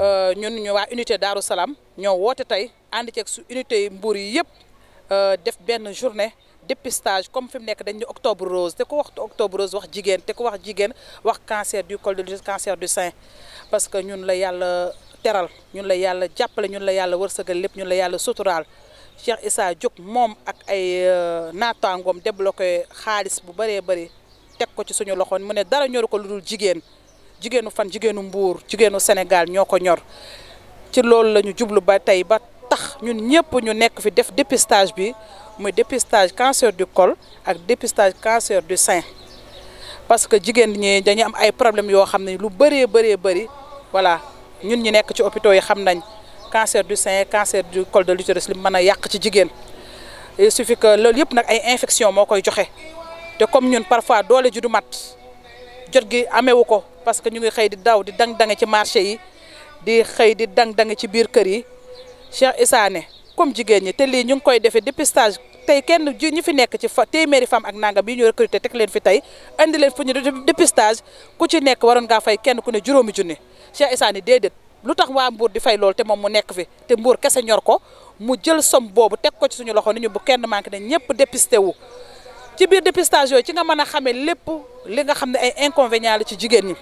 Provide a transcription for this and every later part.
Euh, ñun ñu waa unité Darou Salaam ñoo woote tey ànd ceeg su unité yi mbuur yi yëpp euh, def benn journée dépistage comme fi mu nekk dañu octobre rose te ko wax octobre rose wax jigéen te ko wax jigéen wax cancer du col de l'utérus cancer du sein parce que ñun la yàlla teral ñun la yàlla jàppale ñun la yàlla wërsëgal lépp ñun la yàlla suturaal Cheikh Issa jóg moom ak ay euh, naataangoom débloqué xaalis bu bëree bëri teg ko ci suñu loxoon mu ne dara ñoru ko lu dul jigéen jigéenu fan jigéenu mbuur jigéenu Sénégal ñoo ko ñor ci loolu la ñu jublu ba tey ba tax ñun ñëpp ñu nekk fi def dépistage bi muy dépistage cancer du col ak dépistage cancer du sein parce que jigéen ñi dañuy am ay problèmes yoo xam ne lu bëree bëree bëri voilà ñun ñi nekk ci hôpitaux yi xam nañ cancer du sein cancer du col de l'utérus li mën a yàq ci jigéen il suffit que loolu yëpp nag ay infection moo koy joxe te comme ñun parfois doole ji mat jot gi amewu ko parce que ñu ngi xëy di daw di dang-dange ci marché yi di xëy di dang-dange ci biir kër yi Cheikh Issa comme jigéen ñi te lii ñu ngi koy defee dépistage tey kenn ji ñu fi nekk ci fa téeméeri femme ak nangam yi ñu recruté teg leen fi tey andi leen fu ñu dépistage ku ci nekk waroon ngaa fay kenn ku ne juróomi junni Cheikh Issa ne déedéet lu tax waa Mbour di fay loolu te moom mu nekk fi te Mbour kese ñor ko mu jël som boobu teg ko ci suñu loxo ni bu kenn manqué ne ñëpp dépisté wu ci biir dépistage yooyu ci nga mën a xamee lépp li nga xam ne ay inconvénients la ci jigéen ñi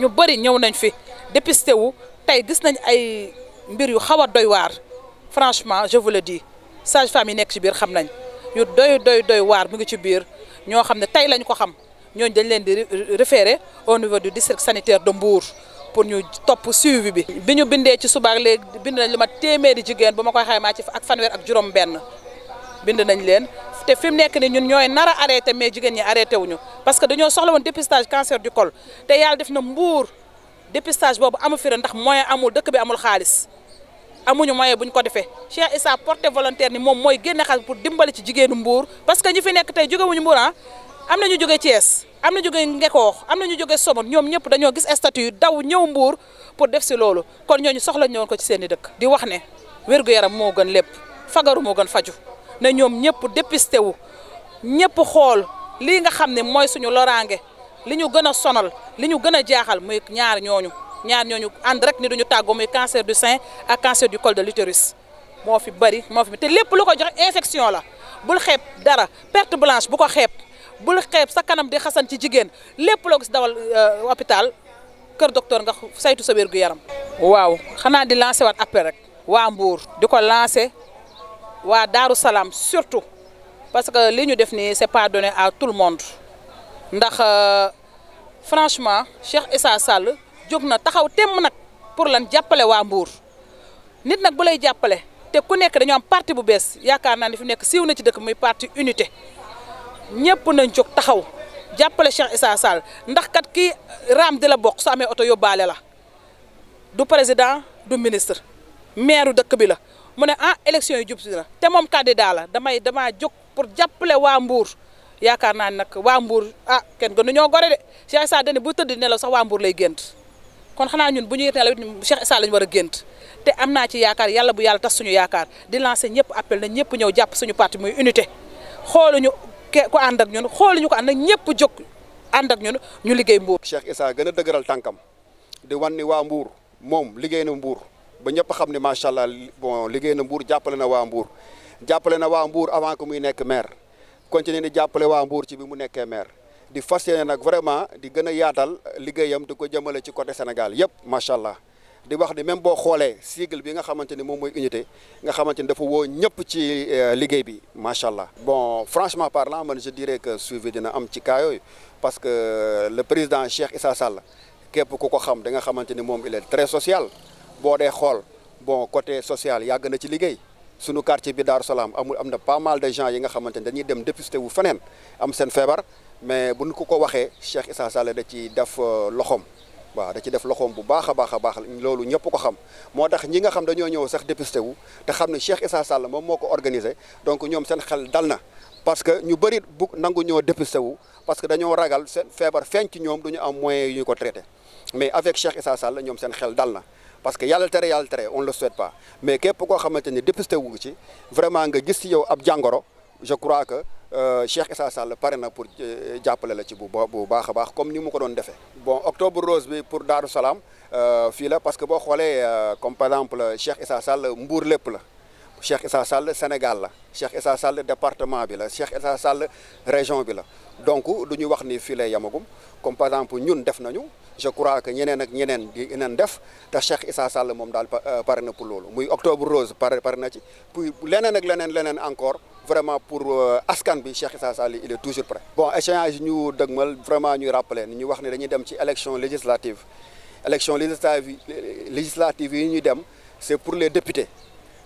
ñu bëri ñëw nañ fi dépisté wu tey gis nañ ay mbir yu xaw a doy waar franchement je vous le sage-femme yi nekk ci biir xam nañ yu doy doy doy waar mu ngi ci biir ñoo xam ne tey lañ ko xam ñooñ dañ leen di référer au niveau du district sanitaire de mbuur pour ñu topp suivi bi. bi ñu bindee ci subaak léegi bind nañ lu ma téeméeri jigéen bu ma koy maa ci ak fanweer ak juróom bind nañ leen. te fi mu nekk ni ñun ñooy nar a arrêté mais jigéen ñi arrêté wuñu parce que dañoo soxla woon dépistage cancer du col te yàlla def na mbuur dépistage boobu amu fi ndax moyen amul dëkk bi amul xaalis amuñu moyen buñ ko defee Cheikh Issa porté volontaire ni moom mooy génne xaalis pour dimbali ci jigéenu mbuur parce que ñi fi nekk tey jógewuñu mbuur ah am na ñu ci Thiès am na jóge Ngekoox am na ñu jóge Somone ñoom ñëpp dañoo gis statut daw ñëw mbuur pour def si loolu kon ñooñu soxla ñëwoon ko ci seen dëkk di wax ne wér yaram moo gën lépp fagaru gën faju na ñom ñëpp dépisté wu ñëpp xol li nga xamné moy suñu lorangé li ñu gën sonal li ñu gën a jaaxal muy ñaar ñooñu ñaar ñooñu and rek ni duñu taggu muy cancer du sein ak cancer du col de l'utérus mo fi bari mo fi té lépp lu ko joxe infection la bul xép dara perte blanche bu ko xép bul xép sa kanam di xassan ci jigen lépp loo gis dawal euh, hôpital kër docteur nga saytu sa wér gu yaram. waaw xana di lancé wat appel rek wa Mbour diko ko lancé wa daru salam surtout parce que li ñu def c'est pas donné à tout le monde ndax euh, franchement Cheikh Issa Sall jogna pour lan Nous wa Mbour nit nak bu lay jappalé te ku nekk dañu am parti bu nous ni fi nekk siw na ci dëkk muy parti unité nous nañ jog taxaw jappalé Cheikh Issa Sall ndax kat la boxe su du président du ministre maire de bi mona a ah yu yi jub si na te moom candidat la damay damaa juk pour jàppale waa Mbour yaakaar naa nak waa Mbour ah ken gënu ñoo gore de Cheikh Issa dañ bu tëdd nelaw sax waa Mbour lay gént kon xanaa ñun bu ñuy nelaw Cheikh Issa lañ war a gént te am naa ci yaakaar yàlla bu yàlla tas suñu yaakaar di lancer ñëpp appel na ñëpp ñëw jàpp suñu parti muy unité hole ko ànd ak ñun xooluñu ko ànd ak ñëpp jóg ànd ak ñun ñu liggéey Mbour. Cheikh Issa gën a dëgëral di wan ni Mbour mom liggéey na Mbour. ba ñëpp xam ne macha allah bon liggéey na mbuur jàppale na waa Mbour jàppale na waa Mbour avant que muy nekk maire continue ni jàppale waa Mbour ci bi mu nekkee maire di fas yéene nag vraiment di gën a yaatal liggéeyam di ko jëmale ci côté Sénégal yëpp macha allah. di wax ni même boo xoolee sigle bi nga xamante ni moom mooy unité nga xamante ni dafa woo ñëpp ci euh, liggéey bi macha allah. bon franchement parlant man je dirais que suivi dina am ci cas parce que euh, le président Cheikh Issa Sall képp ku ko xam da nga xamante ni moom il est très social. boo dee xool bon côté social yàgg na ci liggéey sunu quartier bi Daaru Salam, amul am na pas mal de gens yi nga xamante ne dañuy dem dépisté wu am sen feebar mais bu ñu ko ko waxee Cheikh Issa Sall da ci def euh, loxoom waaw da ci def loxom bu baax a baax lolu ñepp ko xam motax ñi nga xam dañoo ñëw sax dépisté wu te xam Cheikh Issa Sall mom moko organiser donc ñom sen xel dalna parce que ñu bari bu nangu ñoo dépisté wu parce que dañoo ragal sen fièvre feeñ ñom ñoom am moyen yu ñu ko traiter mais avec Cheikh Issa Sall ñom sen xel dalna parce que yalla téré yalla téré on le souhaite pas mais képp ko xamanteni ni wu ci vraiment nga gis ci yow ab jangoro je crois que euh, Cheikh Issa Sall pare pour euh, jappalé la ci bu bu baax a baax comme ni mu ko don défé bon octobre rose bi pour Darussalam. euh fi la parce que boo xoolee euh, comme par exemple Cheikh Issa Sall mbour lepp la. Cheikh Issa Sall Sénégal la Cheikh Issa Sall département bi la Cheikh Issa Sall région bi la donc duñu wax ni fii lay yamagum comme par exemple ñun def nañu je crois que ñeneen ak ñeneen di ñeneen def ta Cheikh Issa Sall mom dal paré euh, na pour lolu muy octobre rose paré paré na ci puis leneen ak leneen leneen encore vraiment pour euh, askan bi Cheikh Issa Sall il est toujours prêt. bon échange ñu dëgmal vraiment ñu rappeler ñu wax ni dañuy dem ci élection législative élection législative euh, législative yi ñuy dem c'est pour les députés.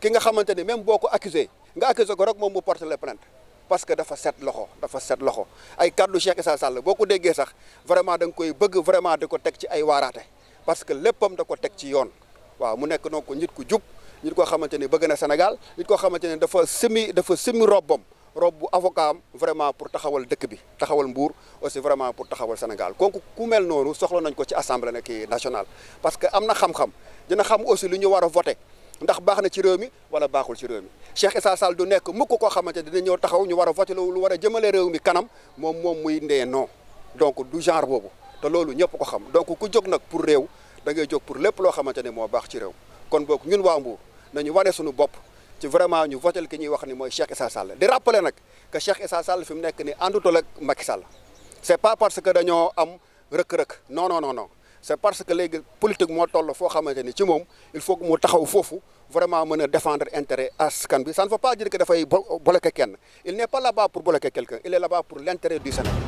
ki nga xamante ni même boo ko accusé nga accusé ko rek moom mu porte les plaintes parce que dafa set loxo dafa set loxo ay kàddu Cheikh Issa Sall boo ko déggee sax vraiment danga koy bëgg vraiment di ko teg ci ay waaraate parce que léppam da ko teg ci yoon waaw mu nekk ko nit ku jub nit koo xamante ni bëgg na Sénégal nit koo xamante ni dafa simi dafa simi robbam rob bu avocat am vraiment pour taxawal dëkk bi taxawal mbuur aussi vraiment pour taxawal Sénégal kooku ku mel noonu soxla nañ ko ci assemblée kii nationale parce que am na xam dina xam aussi lu ñu war a voté ndax baax na ci réew mi wala baaxul ci réew mi Cheikh Issa Sall du nekk mukk koo xamante dina ñëw taxaw ñu war a voté lu war a jëmale réew mi kanam moom moom muy ndee non donc du genre boobu te loolu ñëpp ko xam donc ku jóg nag pour réew da ngay jóg pour lépp loo xamante ne moo baax ci réew kon boog ñun waa Mbour nañu wane suñu bopp ci vraiment ñu voté ki ñuy wax ni mooy Cheikh Issa Sall di rappeler nag que Cheikh Issa Sall fi mu nekk ni àndutul ak Macky Sall c'est pas parce que dañoo am rëkk-rëkk non non non non c'est parce que les politiques sont il faut que taxaw vraiment défendre l'intérêt défendre ce ça ne veut pas dire que faut bloquer quelqu'un. il n'est pas là-bas pour bloquer quelqu'un il est là-bas pour l'intérêt du sénat.